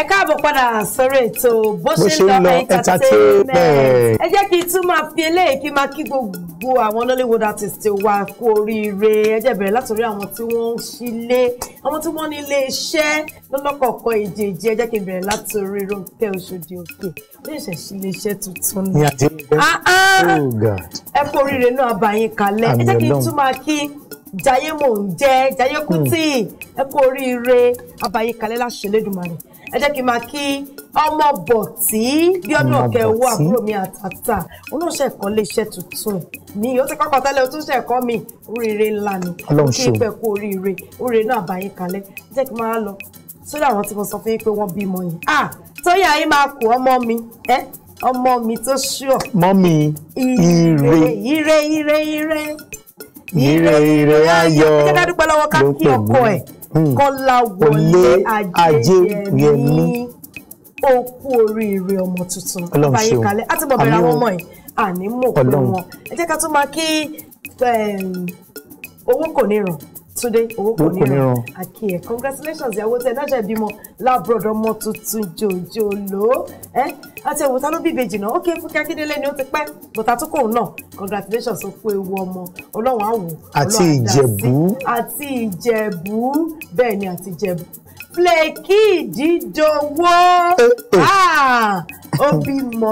ẹ káàbọ̀ padà sórí ètò bó ṣe ń lọ entertainment ẹ jẹ́ kí n tún máa fi eléyìí kí n máa kí gbogbo àwọn Nollywood artist wa kú oríire ẹ jẹ́ bẹ̀rẹ̀ látòrí àwọn tí wọ́n ń ṣílé àwọn tí wọ́n ní ilé iṣẹ́ lọ́lọ́kọ̀ọ̀kan èjèèjì ẹ jẹ́ kí n bẹ̀rẹ̀ látòrí Rónkẹ́ Òṣòdì Òkè ó ṣẹ̀ṣẹ̀ sí ilé iṣẹ́ tuntun ni ah, ah. Oh, ẹ kú oríire náà abayín kalẹ̀ ẹ jẹ́ kí n tún máa kí Jayé mò ń jẹ́ Jayé Kútì hmm. ẹ kú oríire abayín kalẹ̀ láṣẹ lẹ́dùnmarè ẹ jẹ́ kí n máa kí ọmọ bọ̀tí bí ọdún ọ̀kẹ́ owó àbúrò mi àtàtà òun náà lè ṣẹ́ tuntun mi yóò ti pápá tẹ́lẹ̀ o tún ṣẹ̀kọ́ mi oríire ńlá ni kí ìpẹ́ kú oríire oríire náà báyìí kalẹ̀ ẹ jẹ́ kí n máa lọ sórí àwọn tí mo sọ fún yín pé wọ́n bímọ yìí ah tóyè ayé máa kú ọmọ mi ẹ ọmọ mi tó ṣùọ. mọ́mí ire ire ire ire ire ire ayọ̀ ló pè mí. Hmm. Kọ́láwọlé Ajẹ́yẹmí ó kú oríire ọmọ tuntun fàyè kalẹ̀ á ti bọ̀ bẹ̀rẹ̀ àwọn ọmọ yìí àní mọ̀ pé wọn ẹ jẹ́ ká tún máa kí ehm, owó kò ní ràn túndé owó kò ní ràn àkí ẹ congratulations ìyàwó tẹ náà ṣe bímọ lábúrọ̀dọ̀ ọmọ tuntun jòjòló ẹ àti ẹ̀wò ta ló bí ìbejì náà ó kí akíndélé ni ó ti pẹ́ bọ̀tà tó kò náà congratulations ó fún ewu ọmọ ọlọ́run á wò àti ìjẹ̀bú àti ìjẹ̀bú bẹ́ẹ̀ ni àti ìjẹ̀bú fleki ìdídọwọ́ eh, eh. ah, ó bímọ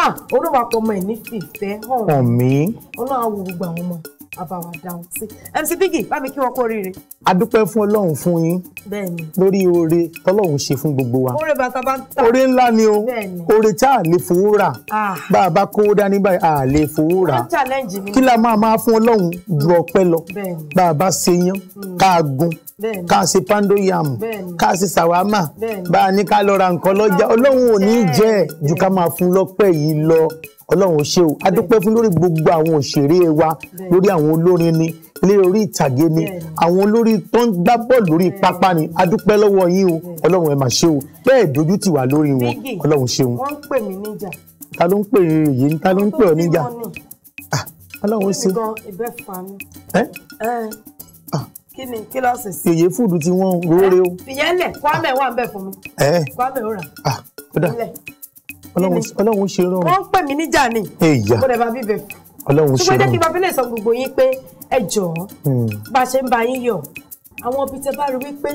ah, olówó àpọ̀ ọmọ ẹ̀ ní fìfẹ́ hàn mí ọlọ́run á gbogbo àwọn ọmọ àbáwá dáhùn sí MC Biggy bá mi kí wọn kó oríire. a dúpẹ́ fún ọlọ́run fún yín lórí oore tọ́lọ́run ṣe fún gbogbo wa oore bàtà bá ń tà oore ńlá ni o oore tá a lè fowó rà bá a bá kówó dání báyìí a lè fowó rà kí la máa máa fún ọlọ́run mm. ju ọpẹ́ lọ bá a bá ṣe yán mm. ká a gun ká a ṣe pando yam ká a ṣe sàwámà bá a ní ká lọ ra nǹkan lọ́jà ọlọ́run ò ní jẹ́ ju ká máa fún lọ́pẹ́ yìí lọ ọlọ́run ò ṣe o a dúpẹ́ fún lórí gbogbo àwọn òṣèré wa lórí àwọn olórin ni lórí ìtàgé ni àwọn olórí tó ń gbá bọ́ọ̀lù lórí pápá ni a dúpẹ́ lọ́wọ́ yín o ọlọ́run ẹ mà ṣe o bẹ́ẹ̀ dojú tì wá lórí wọn ọlọ́run ṣeun. wọ́n ń pè mí níjà. ta ló ń pè é yìí ta ló ń pè ọ́ níjà. Ah, ọlọ́run ṣe. ìbẹ́ fà mí. ẹ ah. kí ni kí ló sí. èyí fúdù tí wọ́n ń róró. fìyẹ́lẹ̀ kwame wà ń bẹ̀ fún mi. kwame ó rà. Ah, ó dà ọlọ́run ṣe rọrùn. wọ́n pè mí níjà ni. èyà mo dẹ̀ bá bíbẹ̀. ọlọ́run ṣe rọrùn. ṣùgbọ́n jẹ́ kí babilẹ̀ sọ gbogbo yín pé ẹ jọ̀ọ́ hmm. bá a ṣe ń ba yín yọ̀ àwọn ibi tẹ bá rí wípé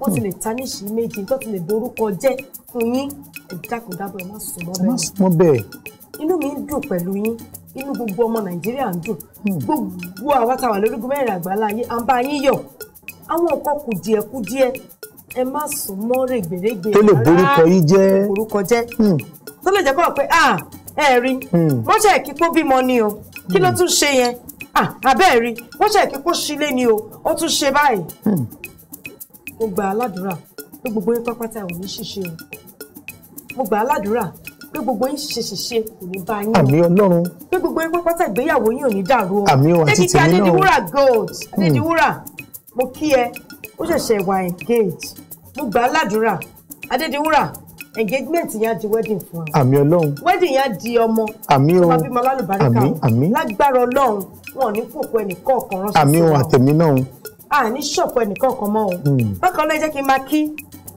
wọ́n ti lè ta níṣì méjì tó ti lè dorúkọ jẹ́ fún yín ìdákùndábọ̀ ẹ má sùn mọ́ bẹ́ẹ̀. ẹ má sùn mọ́ bẹ́ẹ̀. inú mi ń dùn pẹ̀lú yín inú gbogbo ọmọ nàìjíríà ń dùn hmm. gbogbo àwa tá a wà lórí gómìnà àgbáńlá yín à ń bá yín yọ̀ àwọn nǹkan kùdìẹ̀kudiẹ ẹ má sùn mọ́ règbèrègbè rárá tó lè borúkọ yín jẹ́ hmm tó lè jẹ́ kọ́ pé ah ẹ rí hmm. wọ́n ṣe kí kó bímọ ni o kí ló hmm. tún ṣe yẹn ah abẹ́ rí wọ́n ṣe kí kó ṣílé ni o ó tún ṣe báyìí. Hmm. mo gbà á ládùúrà pé gbogbo yín pápátá ò ní ṣìṣe o mo gbà á ládùúrà pé gbogbo yín ṣìṣe ṣìṣe kò ní bá yín. àmì ọlọ́run. pé gbogbo yín pápátá ìgbéyàwó yín ò ní dàrú o. àmì ọ àti tèmi náà o. adédiwúrà gold adédiwúrà mo kí ẹ ó ṣẹ̀ṣẹ̀ wà engage mo gbà á ládùúrà adédiwúrà engagement yẹn di wedding fún ẹ. àmì ọlọ́run. wedding yẹn di ọmọ. àmì o àmì àmì àmì. lágbára ọlọ́run wọn ò ní fòkó ẹnìkan ọ̀kan ránṣẹ́ sí wọn. àmì o àtẹ̀mí náà. a ní ṣọ̀pọ̀ ẹnìkan ọ̀kan mọ́ o. Hmm. bákan náà jẹ́ kí n máa kí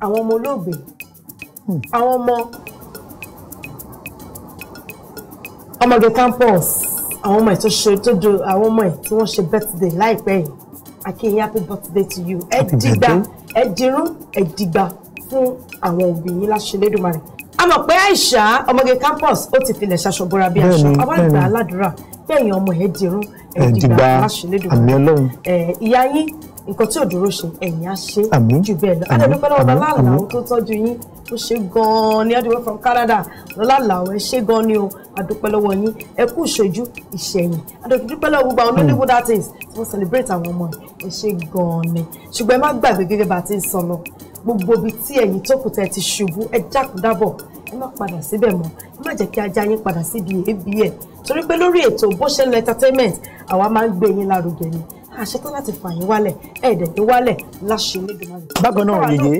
àwọn ọmọ olóògbé hmm. àwọn ọmọ ọmọge campus àwọn ọmọ ẹ̀ tó ṣe tó do àwọn ọmọ ẹ̀ tí wọ́n ṣe birthday láìpẹ́ yìí akéyìn happy birthday to you ẹ dìgbà ẹ dirun ẹ dìgbà fún àwọn òbí yín láṣẹ lẹ́dùnmarè a mọ̀ pé àìsà ọmọge campus ó ti filẹ̀ ṣaṣọ bora bí aṣọ àwọn ìgbà aládùúrà bẹ́ẹ̀yìn ọmọ ẹ̀ dirun ẹ̀ dìgbà láṣẹ lẹ́dùnmarè ìyá yín nǹkan tí ò dúró ṣe ẹ̀yìn á ṣe jù bẹ́ẹ̀ lọ adẹ́dúpẹ́ lọ́wọ́ lọ́la àlàó tó tọ́jú yín ó ṣe gan-an ní adúgbò from Canada lọ́la àlàó ẹ ṣe gan-an ni o adúpẹ́ lọ́wọ́ yín ẹ kú ìṣojú ìṣẹ̀yìn adúpẹ́ lọ́wọ́ gbogbo àwọn olódìbò that is wọ́n celebrate àwọn ọmọ ẹ ṣe gan-an ni ṣùgbọ́n ẹ má gbàgbé gẹ́gẹ́ bá a ti ń sọ lọ gbogbo ibi tí ẹ̀yin tó kù tẹ́ ti ṣubú ẹ jákúdábọ̀ ẹ má padà síbẹ̀ mọ́ ẹ má jẹ́ kí ajá yín padà síbi èébì ẹ̀ torí pé lórí ètò bó ṣe ń lọ entertainment àwa máa ń gbé yín lárugẹ ni àṣetán láti fà yín wálẹ̀ ẹ̀ẹ́dẹ̀ tó wálẹ̀ láṣẹ onídùúmọ̀. bákan náà yèyé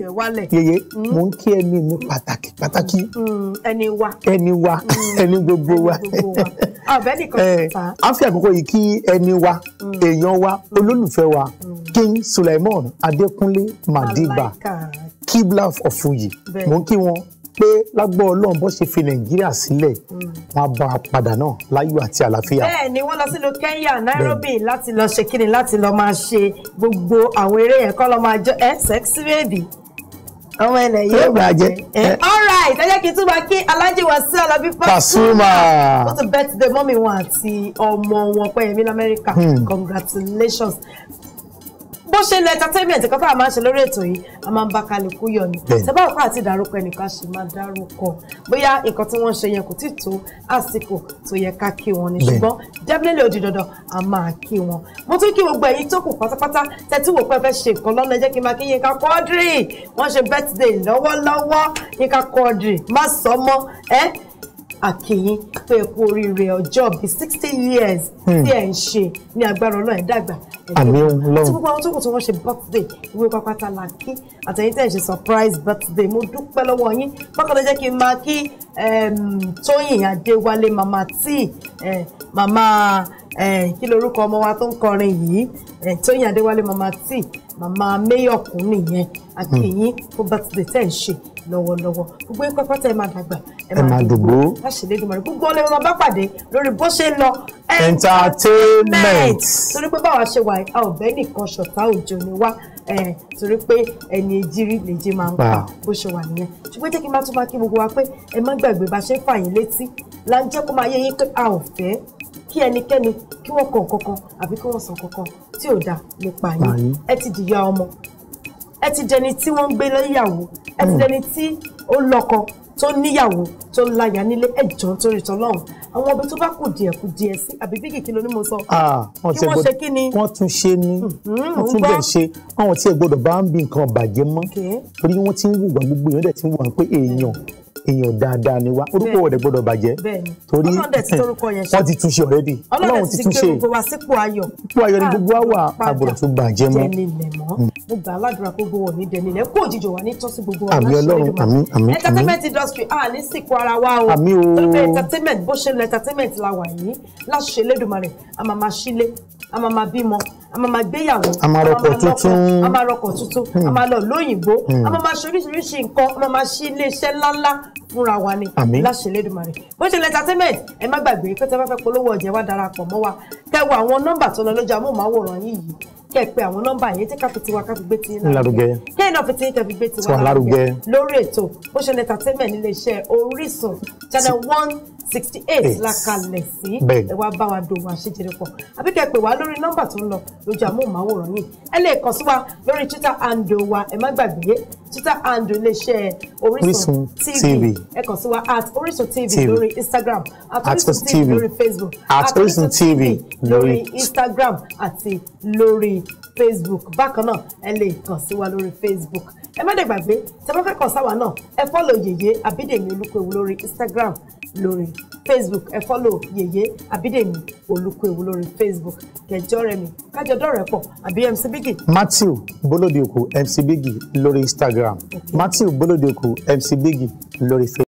yèyé hmm? mò ń kí ẹni mi pàtàkì pàtàkì. Hmm, ẹni wa ẹni wa hmm, ẹni gbogbo wa. àbẹ́ nìkan eh, ta. a fi àkókò yìí kí ẹni wa èèyàn wa olólùfẹ́ wa King Suleiman Adekunle Madiba Kibla Ọ̀fùyì mò ń kí wọn pé lágbọ́ ọlọ́run bó ṣe fi nàìjíríà sílẹ̀ mm. wọn á bá a padà náà láyọ̀ àti àlàáfíà. bẹ́ẹ̀ ni wọ́n lọ sílùú Kenya Nairobi láti lọ ṣe kíni láti lọ máa ṣe gbogbo àwọn eré yẹn kọ́ lọ máa jọ ẹ sexy baby ọmọ ilẹ̀ yóò bàjẹ́. Eh, eh. all right ẹ jẹ́ kí n tún máa kí Alhaji Wasiu Alabi Pasuma ó ti birthday mọ́mì wọn àti ọmọ wọn Pẹ́yẹmí lamẹ́ríkà hmm. congratulations bó ṣe lọ entertainment kan táwa máa ń ṣe lórí ètò yìí a máa ń bá kálukú yọ ni tẹ́bá òkú àti ìdárúkọ ẹnìkan ṣì máa dárúkọ bóyá nǹkan tí wọ́n ṣe yẹn kò tí tó àsìkò tó yẹ ká kí wọn ni ṣùgbọ́n definitely ó di dandan a máa kí wọn. mo tún kí gbogbo ẹ̀yin tó kù pátápátá tẹ́tí wò pé ẹ fẹ́ ṣe nǹkan lọ́nà jẹ́ kí n máa kí Yínká Quadri wọ́n ṣe birthday lọ́wọ́lọ́wọ́ Yínká Quadri má sọ mọ́ ẹ́ àkìyín pé kú oríire ọjọ́ bíi sixty years tí hmm. ẹ̀ ń ṣe ní agbára ọlọ́run dàgbà àmì ọlọ́run àti gbogbo àwọn tó kù tí wọ́n ṣe birthday ìwé pápátá la kí àtẹ̀yìn tẹ̀ ń ṣe surprise birthday mo dúpẹ́ lọ́wọ́ yín bákan jẹ́ kí n máa kí Tóyìn Adéwálé màmá tí màmá kí lorúkọ ọmọ wa tó ń kọrin yìí Tóyìn Adéwálé màmá tí màmá Mayor kún nìyẹn àkìyín hmm. fún birthday tẹ̀ ń ṣe lọ́wọ́lọ́wọ́ gbogbo yín pẹ́pẹ́ tẹ́ ẹ máa dàgbà ẹ máa dùgbò gbogbo ọlẹ́wọ̀n la bá pàdé lórí bó ṣe lọ. entertainment torí pé báwa ṣe wà a ò nìkan ṣọ̀tá òjò ni wá torí pé ẹni ìjírí lèje máa ń pa bó ṣe wà nìyẹn ṣùgbọ́n jẹ́ kí n bá tún bá kí gbogbo wa pé ẹ má gbàgbé bá ṣe ń fà yín létí là ń jẹ́ kó máa yé yín pé a ò fẹ́ kí ẹnikẹ́ni kí wọ́n kọ̀ kankan àbí kí wọ́n sọ kankan tí ò dáa nípa yín ẹ ti dìyà ọmọ ẹ ti dẹni tí wọ́n ń gbé lẹ́yàwó ẹ ti hmm. dẹni tí ó lọ́kọ tó níyàwó tó láyà nílé ẹjọ́ torí tọlọ́run àwọn ọbẹ̀ tó bá kù díẹ̀ kù díẹ̀ sí àbí bí kìkì ló ní mo sọ. kí wọ́n ṣe kí ni. wọ́n tún ṣe ni hmm, hmm, wọ́n tún bẹ̀ ṣe àwọn tí ẹ gbọ́dọ̀ bá ń bí nǹkan bàjẹ́ mọ́ torí wọ́n ti ń wùwà gbogbo èèyàn ti ń wùwà pé èèyàn èèyàn dáadáa ni wá orúkọ òde gbọ́dọ̀ bàjẹ́ torí wọ́n ti túnṣe ọ̀rẹ́dì ọlọ́run ti túnṣe ipò ayọ̀ ni ah, gbogbo wa wà àbùrọ̀ tó bàjẹ́ mọ́. Hmm. mo gbà aládùúrà kó gbowó ní dẹni ilẹ̀ kó òjijì wà ní tọ́sí gbogbo wa láṣẹ ìdùnnú àmín àmín entertainment industry a ní sìnkú ara wa o torí pé entertainment bó ṣe lọ entertainment la wà yìí láṣẹ Elédùmarè a máa máa ṣílé a máa máa bímọ a máa máa gbéyàwó a máa rọkọ̀ tuntun a máa rọkọ̀ tuntun a hmm. máa lọ lóyìnbó a hmm. máa máa ṣe nǹkan a máa máa ṣí iléeṣẹ́ ńláńlá fúnra wa ni láṣẹ bó ṣe entertainment ẹ má gbàgbé pé tẹ́ bá fẹ́ polówó ọjà wa darapọ̀ mọ́ wa kẹ́ wo àwọn nọ́mbà tó lọ lójú amóhùnmáwòrán yìí yìí kẹ́ pe àwọn nọ́mbà yẹn tí ká fi tiwa ká fi gbé ti yín lárugẹ kẹ́yìn náà fi ti yín ká fi gbé tiwa lárugẹ lórí ètò bó ṣe entertainment nílé iṣẹ́ Orísun channel one sixty eight la kalẹ̀ sí ẹ wá bá wa dòwò àṣejẹrẹ pọ̀ àbí kẹ́ pè wá lórí nọ́mbà tó ń lọ lójú àmóhùnmáwòrán yìí ẹ lè kàn sí wa lórí twitter and wa ẹ má gbàgbé twitter and iléeṣẹ́ orísun tv ẹ kàn sí wa at orísun tv lórí instagram at orísun tv lórí facebook at orísun tv lórí instagram àti lórí facebook bákan náà ẹ lè kàn sí wa lórí facebook ẹ má dẹ̀ gbàgbé tẹ́ bá fẹ́ kàn sáwa náà ẹ fọ́lọ̀ yèyé abídèmí olúkòwò lórí instagram lórí facebook ẹ fọ́lò yèyé àbídèmí olùkóewu lórí facebook kẹjọ rẹ mi kájọ dọ̀rẹ́ pọ̀ àbí mc biggy. matthew bolodioku mc biggy lórí instagram matthew bolodioku mc biggy lórí facebook.